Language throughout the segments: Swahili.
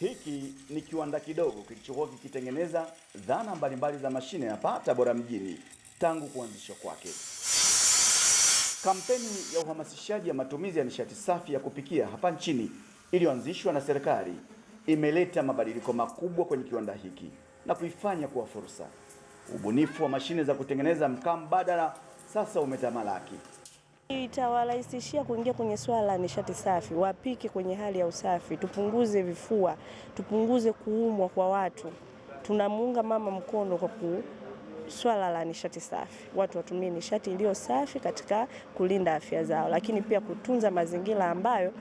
Hiki ni kiwanda kidogo kilichokuwa kikitengeneza dhana mbalimbali za mashine hapa Tabora mjini tangu kuanzishwa kwake. Kampeni ya uhamasishaji ya matumizi ya nishati safi ya kupikia hapa nchini iliyoanzishwa na serikali imeleta mabadiliko makubwa kwenye kiwanda hiki na kuifanya kuwa fursa. Ubunifu wa mashine za kutengeneza mkaa mbadala sasa umetamalaki. Itawarahisishia kuingia kwenye swala la nishati safi, wapike kwenye hali ya usafi, tupunguze vifua, tupunguze kuumwa kwa watu. Tunamuunga mama mkono kwa ku swala la nishati safi, watu watumie nishati iliyo safi katika kulinda afya zao, lakini pia kutunza mazingira ambayo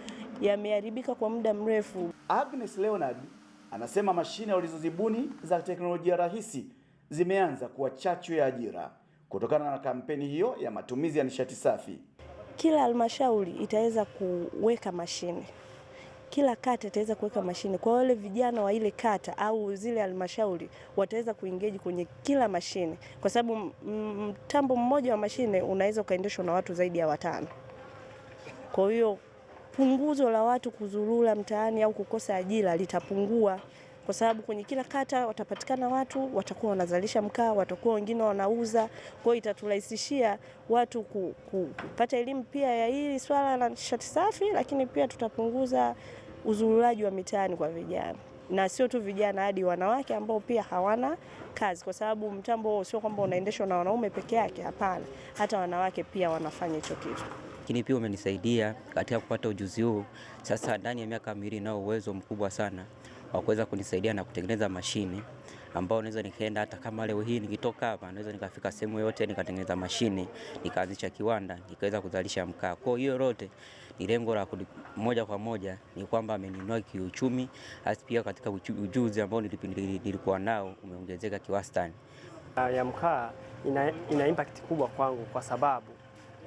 yameharibika kwa muda mrefu. Agnes Leonard anasema mashine walizozibuni za teknolojia rahisi zimeanza kuwa chachu ya ajira kutokana na kampeni hiyo ya matumizi ya nishati safi kila halmashauri itaweza kuweka mashine, kila kata itaweza kuweka mashine. Kwa wale vijana wa ile kata au zile halmashauri wataweza kuingeji kwenye kila mashine, kwa sababu mtambo mmoja wa mashine unaweza ukaendeshwa na watu zaidi ya watano. Kwa hiyo punguzo la watu kuzurura mtaani au kukosa ajira litapungua kwa sababu kwenye kila kata watapatikana watu watakuwa wanazalisha mkaa, watakuwa wengine wanauza. Kwa hiyo itaturahisishia watu kupata elimu pia ya hili swala la nishati safi, lakini pia tutapunguza uzururaji wa mitaani kwa vijana na sio tu vijana, hadi wanawake ambao pia hawana kazi, kwa sababu mtambo huo sio kwamba unaendeshwa na wanaume peke yake. Hapana, hata wanawake pia wanafanya hicho kitu. Lakini pia umenisaidia katika kupata ujuzi huu, sasa ndani ya miaka miwili nao uwezo mkubwa sana wa kuweza kunisaidia na kutengeneza mashine ambao naweza nikaenda hata kama leo hii nikitoka hapa naweza nikafika sehemu yote nikatengeneza mashine nikaanzisha kiwanda nikaweza kuzalisha mkaa. Kwa hiyo yote ni lengo la moja kwa moja ni kwamba ameninua kiuchumi, hasa pia katika ujuzi ambao nilikuwa nao umeongezeka kiwastani. Ya mkaa ina, ina impact kubwa kwangu kwa sababu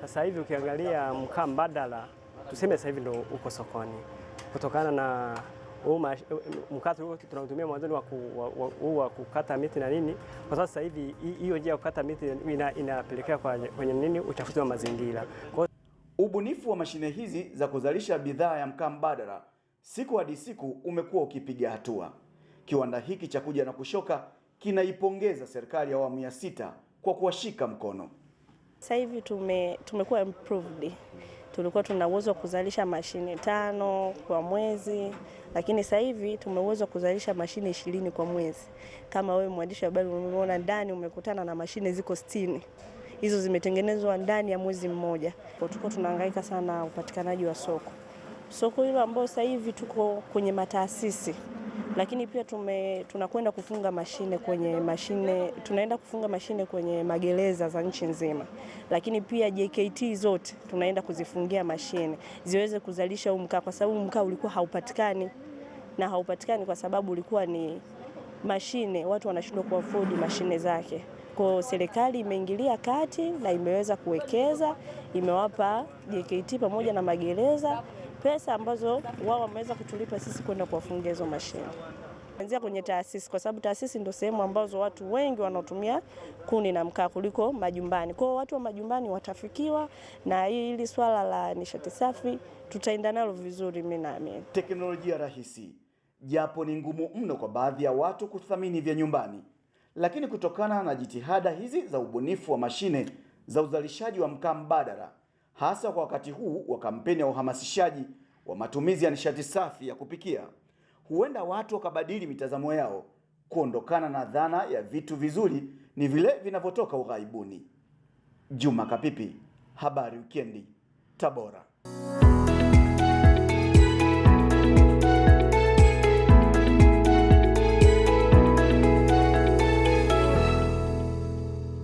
sasa hivi ukiangalia mkaa mbadala tuseme sasa hivi ndo uko sokoni kutokana na mkate huo tunautumia mwanzoni wa, wa, wa kukata miti na nini, kwa sababu sasa hivi hiyo njia ya kukata miti ina, inapelekea kwenye nini uchafuzi wa mazingira. Kwa ubunifu wa mashine hizi za kuzalisha bidhaa ya mkaa mbadala siku hadi siku umekuwa ukipiga hatua. Kiwanda hiki cha kuja na kushoka kinaipongeza serikali ya awamu ya sita kwa kuwashika mkono. Sasa hivi tume, tumekuwa improved tulikuwa tuna uwezo wa kuzalisha mashine tano kwa mwezi, lakini sasa hivi tuna uwezo wa kuzalisha mashine ishirini kwa mwezi. Kama wewe mwandishi wa habari umeona ndani, umekutana na mashine ziko sitini hizo zimetengenezwa ndani ya mwezi mmoja. Tuko tunahangaika sana upatikanaji wa soko, soko hilo ambao sasa hivi tuko kwenye mataasisi lakini pia tume, tunakwenda kufunga mashine kwenye mashine, tunaenda kufunga mashine kwenye magereza za nchi nzima, lakini pia JKT zote tunaenda kuzifungia mashine ziweze kuzalisha huu mkaa, kwa sababu mkaa ulikuwa haupatikani na haupatikani kwa sababu ulikuwa ni mashine, watu wanashindwa kuafodi mashine zake. Kwa serikali imeingilia kati na imeweza kuwekeza, imewapa JKT pamoja na magereza pesa ambazo wao wameweza kutulipa sisi kwenda kuwafungia hizo mashine kuanzia kwenye taasisi, kwa sababu taasisi ndio sehemu ambazo watu wengi wanaotumia kuni na mkaa kuliko majumbani. Kwa hiyo watu wa majumbani watafikiwa na hili swala la nishati safi, tutaenda nalo vizuri, mimi naamini. Teknolojia rahisi japo ni ngumu mno kwa baadhi ya watu kuthamini vya nyumbani, lakini kutokana na jitihada hizi za ubunifu wa mashine za uzalishaji wa mkaa mbadala hasa kwa wakati huu wa kampeni ya uhamasishaji wa matumizi ya nishati safi ya kupikia, huenda watu wakabadili mitazamo yao, kuondokana na dhana ya vitu vizuri ni vile vinavyotoka ughaibuni. Juma Kapipi, Habari Wikendi, Tabora.